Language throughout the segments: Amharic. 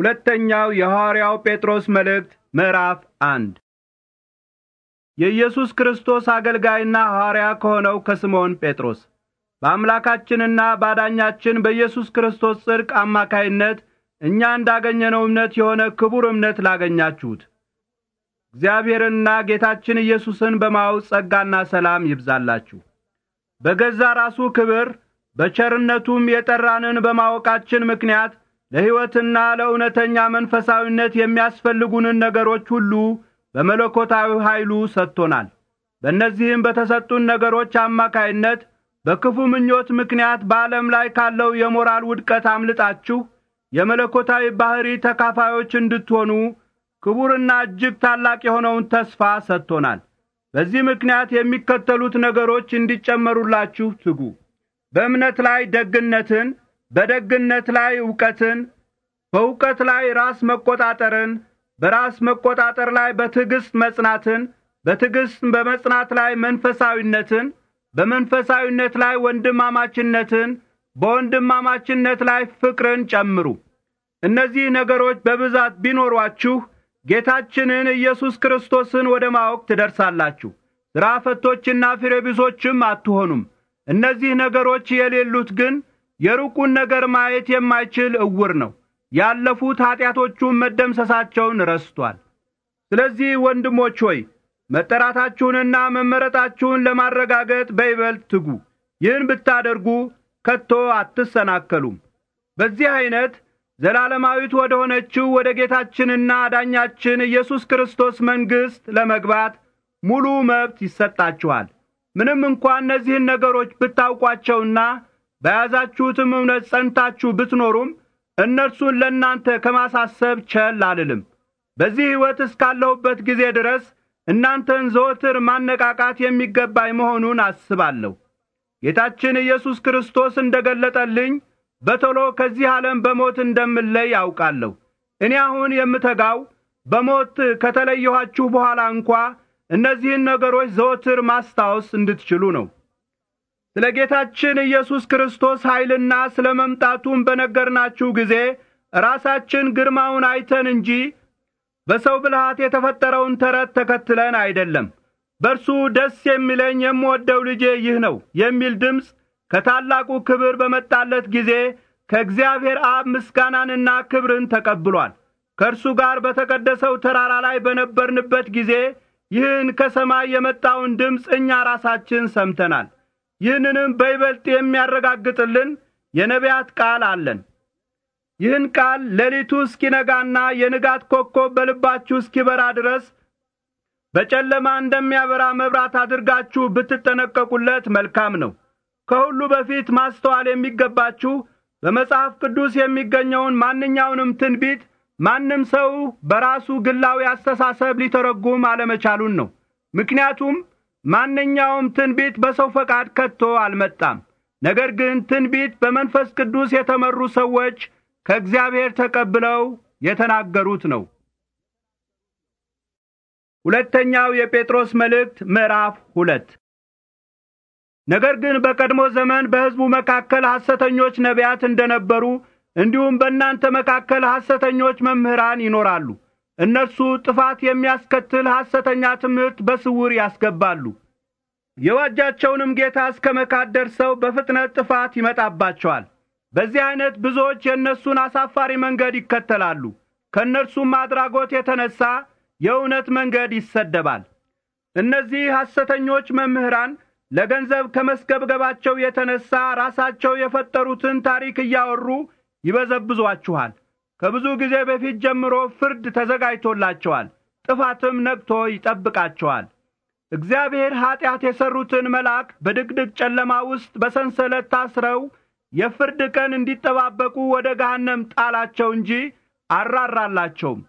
ሁለተኛው የሐዋርያው ጴጥሮስ መልእክት ምዕራፍ አንድ የኢየሱስ ክርስቶስ አገልጋይና ሐዋርያ ከሆነው ከስምዖን ጴጥሮስ በአምላካችንና ባዳኛችን በኢየሱስ ክርስቶስ ጽድቅ አማካይነት እኛ እንዳገኘነው እምነት የሆነ ክቡር እምነት ላገኛችሁት እግዚአብሔርንና ጌታችን ኢየሱስን በማወቅ ጸጋና ሰላም ይብዛላችሁ። በገዛ ራሱ ክብር በቸርነቱም የጠራንን በማወቃችን ምክንያት ለሕይወትና ለእውነተኛ መንፈሳዊነት የሚያስፈልጉንን ነገሮች ሁሉ በመለኮታዊ ኃይሉ ሰጥቶናል። በእነዚህም በተሰጡን ነገሮች አማካይነት በክፉ ምኞት ምክንያት በዓለም ላይ ካለው የሞራል ውድቀት አምልጣችሁ የመለኮታዊ ባሕሪ ተካፋዮች እንድትሆኑ ክቡርና እጅግ ታላቅ የሆነውን ተስፋ ሰጥቶናል። በዚህ ምክንያት የሚከተሉት ነገሮች እንዲጨመሩላችሁ ትጉ። በእምነት ላይ ደግነትን፣ በደግነት ላይ እውቀትን፣ በእውቀት ላይ ራስ መቆጣጠርን፣ በራስ መቆጣጠር ላይ በትዕግሥት መጽናትን፣ በትዕግሥት በመጽናት ላይ መንፈሳዊነትን፣ በመንፈሳዊነት ላይ ወንድማማችነትን፣ በወንድማማችነት ላይ ፍቅርን ጨምሩ። እነዚህ ነገሮች በብዛት ቢኖሯችሁ ጌታችንን ኢየሱስ ክርስቶስን ወደ ማወቅ ትደርሳላችሁ። ሥራ ፈቶችና ፊረቢሶችም አትሆኑም። እነዚህ ነገሮች የሌሉት ግን የሩቁን ነገር ማየት የማይችል እውር ነው። ያለፉት ኀጢአቶቹም መደምሰሳቸውን ረስቷል። ስለዚህ ወንድሞች ሆይ መጠራታችሁንና መመረጣችሁን ለማረጋገጥ በይበልጥ ትጉ። ይህን ብታደርጉ ከቶ አትሰናከሉም። በዚህ ዐይነት ዘላለማዊት ወደ ሆነችው ወደ ጌታችንና አዳኛችን ኢየሱስ ክርስቶስ መንግሥት ለመግባት ሙሉ መብት ይሰጣችኋል። ምንም እንኳን እነዚህን ነገሮች ብታውቋቸውና በያዛችሁትም እምነት ጸንታችሁ ብትኖሩም እነርሱን ለእናንተ ከማሳሰብ ቸል አልልም። በዚህ ሕይወት እስካለሁበት ጊዜ ድረስ እናንተን ዘወትር ማነቃቃት የሚገባኝ መሆኑን አስባለሁ። ጌታችን ኢየሱስ ክርስቶስ እንደ ገለጠልኝ በቶሎ ከዚህ ዓለም በሞት እንደምለይ ያውቃለሁ። እኔ አሁን የምተጋው በሞት ከተለየኋችሁ በኋላ እንኳ እነዚህን ነገሮች ዘወትር ማስታወስ እንድትችሉ ነው። ስለ ጌታችን ኢየሱስ ክርስቶስ ኃይልና ስለ መምጣቱን በነገርናችሁ ጊዜ ራሳችን ግርማውን አይተን እንጂ በሰው ብልሃት የተፈጠረውን ተረት ተከትለን አይደለም። በእርሱ ደስ የሚለኝ የምወደው ልጄ ይህ ነው የሚል ድምፅ ከታላቁ ክብር በመጣለት ጊዜ ከእግዚአብሔር አብ ምስጋናንና ክብርን ተቀብሏል። ከእርሱ ጋር በተቀደሰው ተራራ ላይ በነበርንበት ጊዜ ይህን ከሰማይ የመጣውን ድምፅ እኛ ራሳችን ሰምተናል። ይህንንም በይበልጥ የሚያረጋግጥልን የነቢያት ቃል አለን። ይህን ቃል ሌሊቱ እስኪነጋና የንጋት ኮከብ በልባችሁ እስኪበራ ድረስ በጨለማ እንደሚያበራ መብራት አድርጋችሁ ብትጠነቀቁለት መልካም ነው። ከሁሉ በፊት ማስተዋል የሚገባችሁ በመጽሐፍ ቅዱስ የሚገኘውን ማንኛውንም ትንቢት ማንም ሰው በራሱ ግላዊ አስተሳሰብ ሊተረጉም አለመቻሉን ነው። ምክንያቱም ማንኛውም ትንቢት በሰው ፈቃድ ከቶ አልመጣም። ነገር ግን ትንቢት በመንፈስ ቅዱስ የተመሩ ሰዎች ከእግዚአብሔር ተቀብለው የተናገሩት ነው። ሁለተኛው የጴጥሮስ መልእክት ምዕራፍ ሁለት ነገር ግን በቀድሞ ዘመን በሕዝቡ መካከል ሐሰተኞች ነቢያት እንደነበሩ እንዲሁም በእናንተ መካከል ሐሰተኞች መምህራን ይኖራሉ እነርሱ ጥፋት የሚያስከትል ሐሰተኛ ትምህርት በስውር ያስገባሉ። የዋጃቸውንም ጌታ እስከ መካድ ደርሰው በፍጥነት ጥፋት ይመጣባቸዋል። በዚህ ዐይነት ብዙዎች የእነሱን አሳፋሪ መንገድ ይከተላሉ። ከእነርሱም አድራጎት የተነሣ የእውነት መንገድ ይሰደባል። እነዚህ ሐሰተኞች መምህራን ለገንዘብ ከመስገብገባቸው የተነሣ ራሳቸው የፈጠሩትን ታሪክ እያወሩ ይበዘብዟችኋል። ከብዙ ጊዜ በፊት ጀምሮ ፍርድ ተዘጋጅቶላቸዋል፣ ጥፋትም ነቅቶ ይጠብቃቸዋል። እግዚአብሔር ኀጢአት የሠሩትን መልአክ በድቅድቅ ጨለማ ውስጥ በሰንሰለት ታስረው የፍርድ ቀን እንዲጠባበቁ ወደ ገሃነም ጣላቸው እንጂ አራራላቸውም።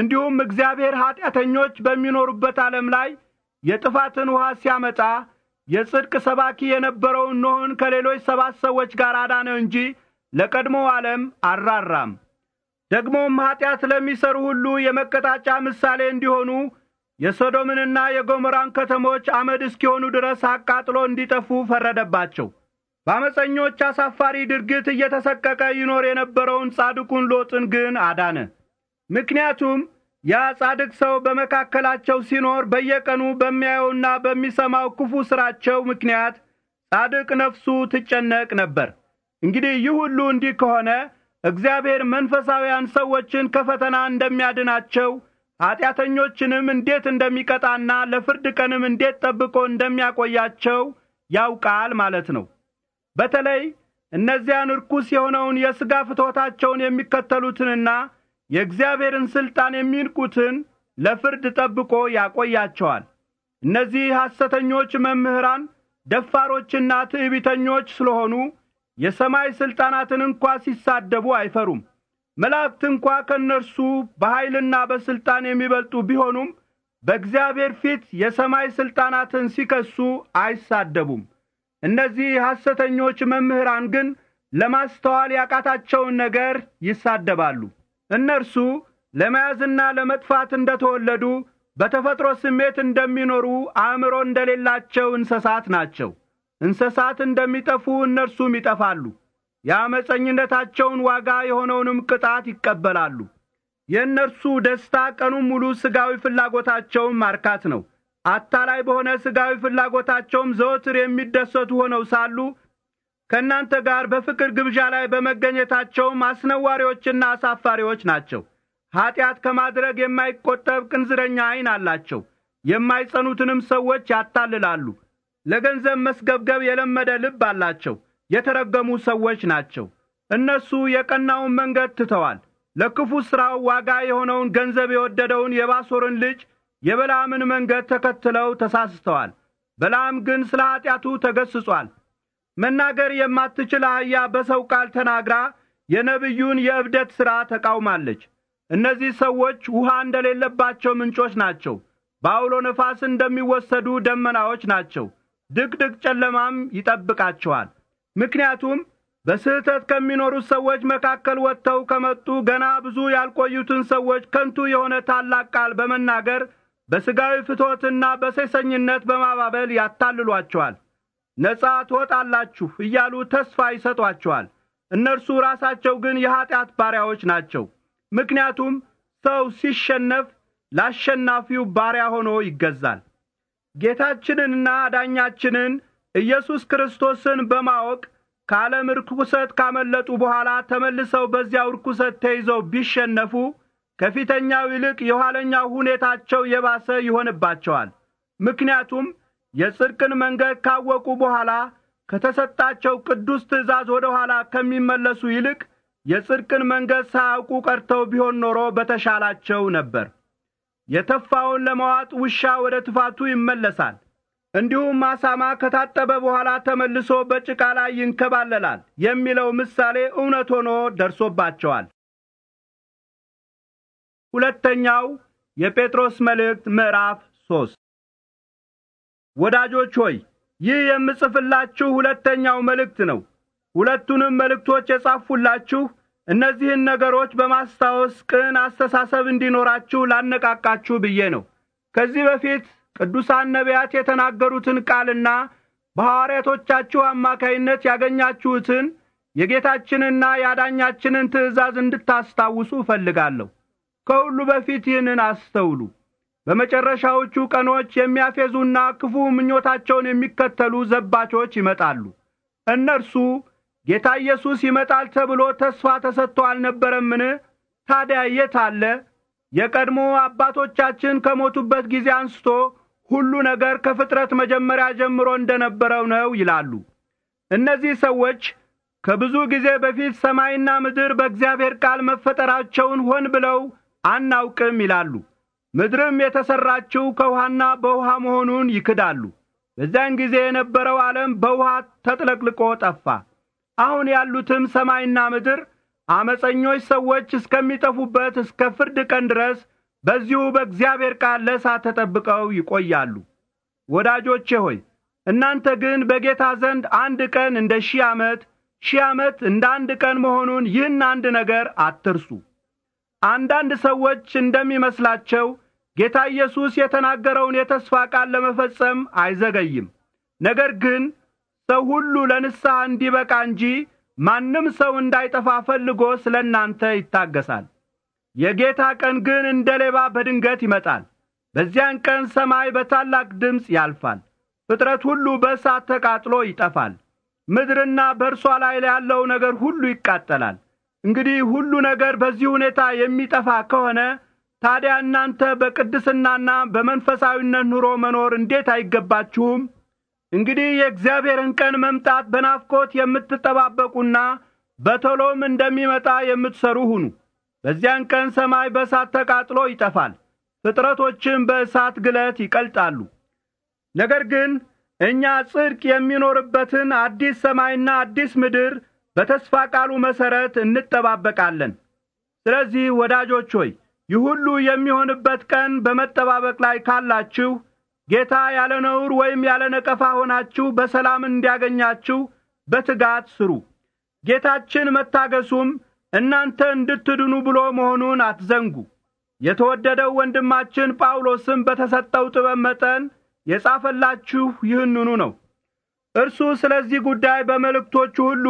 እንዲሁም እግዚአብሔር ኀጢአተኞች በሚኖሩበት ዓለም ላይ የጥፋትን ውኃ ሲያመጣ የጽድቅ ሰባኪ የነበረውን ኖኅን ከሌሎች ሰባት ሰዎች ጋር አዳነው እንጂ ለቀድሞው ዓለም አራራም። ደግሞም ኀጢአት ለሚሠሩ ሁሉ የመቀጣጫ ምሳሌ እንዲሆኑ የሶዶምንና የጎሞራን ከተሞች አመድ እስኪሆኑ ድረስ አቃጥሎ እንዲጠፉ ፈረደባቸው። በአመፀኞች አሳፋሪ ድርጊት እየተሰቀቀ ይኖር የነበረውን ጻድቁን ሎጥን ግን አዳነ። ምክንያቱም ያ ጻድቅ ሰው በመካከላቸው ሲኖር በየቀኑ በሚያየውና በሚሰማው ክፉ ሥራቸው ምክንያት ጻድቅ ነፍሱ ትጨነቅ ነበር። እንግዲህ ይህ ሁሉ እንዲህ ከሆነ እግዚአብሔር መንፈሳውያን ሰዎችን ከፈተና እንደሚያድናቸው ኀጢአተኞችንም እንዴት እንደሚቀጣና ለፍርድ ቀንም እንዴት ጠብቆ እንደሚያቆያቸው ያውቃል ማለት ነው። በተለይ እነዚያን ርኩስ የሆነውን የሥጋ ፍትወታቸውን የሚከተሉትንና የእግዚአብሔርን ሥልጣን የሚንቁትን ለፍርድ ጠብቆ ያቆያቸዋል። እነዚህ ሐሰተኞች መምህራን ደፋሮችና ትዕቢተኞች ስለሆኑ የሰማይ ሥልጣናትን እንኳ ሲሳደቡ አይፈሩም። መላእክት እንኳ ከእነርሱ በኃይልና በሥልጣን የሚበልጡ ቢሆኑም በእግዚአብሔር ፊት የሰማይ ሥልጣናትን ሲከሱ አይሳደቡም። እነዚህ ሐሰተኞች መምህራን ግን ለማስተዋል ያቃታቸውን ነገር ይሳደባሉ። እነርሱ ለመያዝና ለመጥፋት እንደተወለዱ በተፈጥሮ ስሜት እንደሚኖሩ አእምሮ እንደሌላቸው እንስሳት ናቸው። እንስሳት እንደሚጠፉ እነርሱም ይጠፋሉ። የአመፀኝነታቸውን ዋጋ የሆነውንም ቅጣት ይቀበላሉ። የእነርሱ ደስታ ቀኑን ሙሉ ሥጋዊ ፍላጎታቸውን ማርካት ነው። አታላይ በሆነ ሥጋዊ ፍላጎታቸውም ዘወትር የሚደሰቱ ሆነው ሳሉ ከእናንተ ጋር በፍቅር ግብዣ ላይ በመገኘታቸውም አስነዋሪዎችና አሳፋሪዎች ናቸው። ኀጢአት ከማድረግ የማይቈጠብ ቅንዝረኛ ዐይን አላቸው። የማይጸኑትንም ሰዎች ያታልላሉ። ለገንዘብ መስገብገብ የለመደ ልብ አላቸው፣ የተረገሙ ሰዎች ናቸው። እነሱ የቀናውን መንገድ ትተዋል። ለክፉ ሥራው ዋጋ የሆነውን ገንዘብ የወደደውን የባሶርን ልጅ የበላምን መንገድ ተከትለው ተሳስተዋል። በላም ግን ስለ ኀጢአቱ ተገስጿል። መናገር የማትችል አህያ በሰው ቃል ተናግራ የነቢዩን የእብደት ሥራ ተቃውማለች። እነዚህ ሰዎች ውሃ እንደሌለባቸው ምንጮች ናቸው፣ በአውሎ ነፋስ እንደሚወሰዱ ደመናዎች ናቸው። ድቅድቅ ጨለማም ይጠብቃቸዋል። ምክንያቱም በስህተት ከሚኖሩት ሰዎች መካከል ወጥተው ከመጡ ገና ብዙ ያልቆዩትን ሰዎች ከንቱ የሆነ ታላቅ ቃል በመናገር በሥጋዊ ፍትወትና በሴሰኝነት በማባበል ያታልሏቸዋል። ነጻ ትወጣላችሁ እያሉ ተስፋ ይሰጧቸዋል። እነርሱ ራሳቸው ግን የኀጢአት ባሪያዎች ናቸው። ምክንያቱም ሰው ሲሸነፍ ላሸናፊው ባሪያ ሆኖ ይገዛል። ጌታችንንና ዳኛችንን ኢየሱስ ክርስቶስን በማወቅ ከዓለም ርኩሰት ካመለጡ በኋላ ተመልሰው በዚያው ርኩሰት ተይዘው ቢሸነፉ ከፊተኛው ይልቅ የኋለኛው ሁኔታቸው የባሰ ይሆንባቸዋል። ምክንያቱም የጽድቅን መንገድ ካወቁ በኋላ ከተሰጣቸው ቅዱስ ትእዛዝ ወደ ኋላ ከሚመለሱ ይልቅ የጽድቅን መንገድ ሳያውቁ ቀርተው ቢሆን ኖሮ በተሻላቸው ነበር። የተፋውን ለመዋጥ ውሻ ወደ ትፋቱ ይመለሳል። እንዲሁም አሳማ ከታጠበ በኋላ ተመልሶ በጭቃ ላይ ይንከባለላል የሚለው ምሳሌ እውነት ሆኖ ደርሶባቸዋል። ሁለተኛው የጴጥሮስ መልእክት ምዕራፍ ሶስት ወዳጆች ሆይ ይህ የምጽፍላችሁ ሁለተኛው መልእክት ነው። ሁለቱንም መልእክቶች የጻፍሁላችሁ እነዚህን ነገሮች በማስታወስ ቅን አስተሳሰብ እንዲኖራችሁ ላነቃቃችሁ ብዬ ነው። ከዚህ በፊት ቅዱሳን ነቢያት የተናገሩትን ቃልና በሐዋርያቶቻችሁ አማካይነት ያገኛችሁትን የጌታችንና የአዳኛችንን ትእዛዝ እንድታስታውሱ እፈልጋለሁ። ከሁሉ በፊት ይህንን አስተውሉ። በመጨረሻዎቹ ቀኖች የሚያፌዙና ክፉ ምኞታቸውን የሚከተሉ ዘባቾች ይመጣሉ። እነርሱ ጌታ ኢየሱስ ይመጣል ተብሎ ተስፋ ተሰጥቶ አልነበረምን? ታዲያ የት አለ? የቀድሞ አባቶቻችን ከሞቱበት ጊዜ አንስቶ ሁሉ ነገር ከፍጥረት መጀመሪያ ጀምሮ እንደነበረው ነው ይላሉ። እነዚህ ሰዎች ከብዙ ጊዜ በፊት ሰማይና ምድር በእግዚአብሔር ቃል መፈጠራቸውን ሆን ብለው አናውቅም ይላሉ። ምድርም የተሠራችው ከውሃና በውሃ መሆኑን ይክዳሉ። በዚያን ጊዜ የነበረው ዓለም በውሃ ተጥለቅልቆ ጠፋ። አሁን ያሉትም ሰማይና ምድር አመፀኞች ሰዎች እስከሚጠፉበት እስከ ፍርድ ቀን ድረስ በዚሁ በእግዚአብሔር ቃል ለእሳት ተጠብቀው ይቆያሉ። ወዳጆቼ ሆይ እናንተ ግን በጌታ ዘንድ አንድ ቀን እንደ ሺህ ዓመት፣ ሺህ ዓመት እንደ አንድ ቀን መሆኑን ይህን አንድ ነገር አትርሱ። አንዳንድ ሰዎች እንደሚመስላቸው ጌታ ኢየሱስ የተናገረውን የተስፋ ቃል ለመፈጸም አይዘገይም። ነገር ግን ሰው ሁሉ ለንስሐ እንዲበቃ እንጂ ማንም ሰው እንዳይጠፋ ፈልጎ ስለ እናንተ ይታገሳል። የጌታ ቀን ግን እንደ ሌባ በድንገት ይመጣል። በዚያን ቀን ሰማይ በታላቅ ድምፅ ያልፋል፣ ፍጥረት ሁሉ በእሳት ተቃጥሎ ይጠፋል። ምድርና በእርሷ ላይ ያለው ነገር ሁሉ ይቃጠላል። እንግዲህ ሁሉ ነገር በዚህ ሁኔታ የሚጠፋ ከሆነ ታዲያ እናንተ በቅድስናና በመንፈሳዊነት ኑሮ መኖር እንዴት አይገባችሁም? እንግዲህ የእግዚአብሔርን ቀን መምጣት በናፍቆት የምትጠባበቁና በቶሎም እንደሚመጣ የምትሰሩ ሁኑ። በዚያን ቀን ሰማይ በእሳት ተቃጥሎ ይጠፋል፣ ፍጥረቶችም በእሳት ግለት ይቀልጣሉ። ነገር ግን እኛ ጽድቅ የሚኖርበትን አዲስ ሰማይና አዲስ ምድር በተስፋ ቃሉ መሠረት እንጠባበቃለን። ስለዚህ ወዳጆች ሆይ ይህ ሁሉ የሚሆንበት ቀን በመጠባበቅ ላይ ካላችሁ ጌታ ያለ ነውር ወይም ያለ ነቀፋ ሆናችሁ በሰላም እንዲያገኛችሁ በትጋት ስሩ። ጌታችን መታገሱም እናንተ እንድትድኑ ብሎ መሆኑን አትዘንጉ። የተወደደው ወንድማችን ጳውሎስም በተሰጠው ጥበብ መጠን የጻፈላችሁ ይህንኑ ነው። እርሱ ስለዚህ ጉዳይ በመልእክቶቹ ሁሉ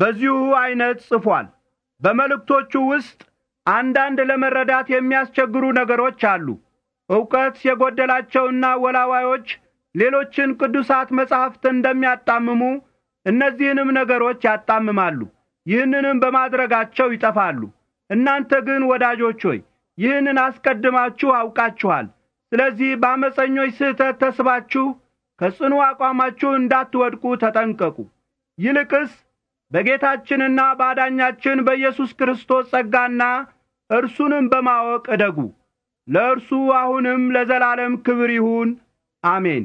በዚሁ ዐይነት ጽፏል። በመልእክቶቹ ውስጥ አንዳንድ ለመረዳት የሚያስቸግሩ ነገሮች አሉ። ዕውቀት የጐደላቸውና ወላዋዮች ሌሎችን ቅዱሳት መጻሕፍት እንደሚያጣምሙ እነዚህንም ነገሮች ያጣምማሉ። ይህንንም በማድረጋቸው ይጠፋሉ። እናንተ ግን ወዳጆች ሆይ ይህንን አስቀድማችሁ አውቃችኋል። ስለዚህ በአመፀኞች ስህተት ተስባችሁ ከጽኑ አቋማችሁ እንዳትወድቁ ተጠንቀቁ። ይልቅስ በጌታችንና በአዳኛችን በኢየሱስ ክርስቶስ ጸጋና እርሱንም በማወቅ እደጉ። ለእርሱ አሁንም ለዘላለም ክብር ይሁን አሜን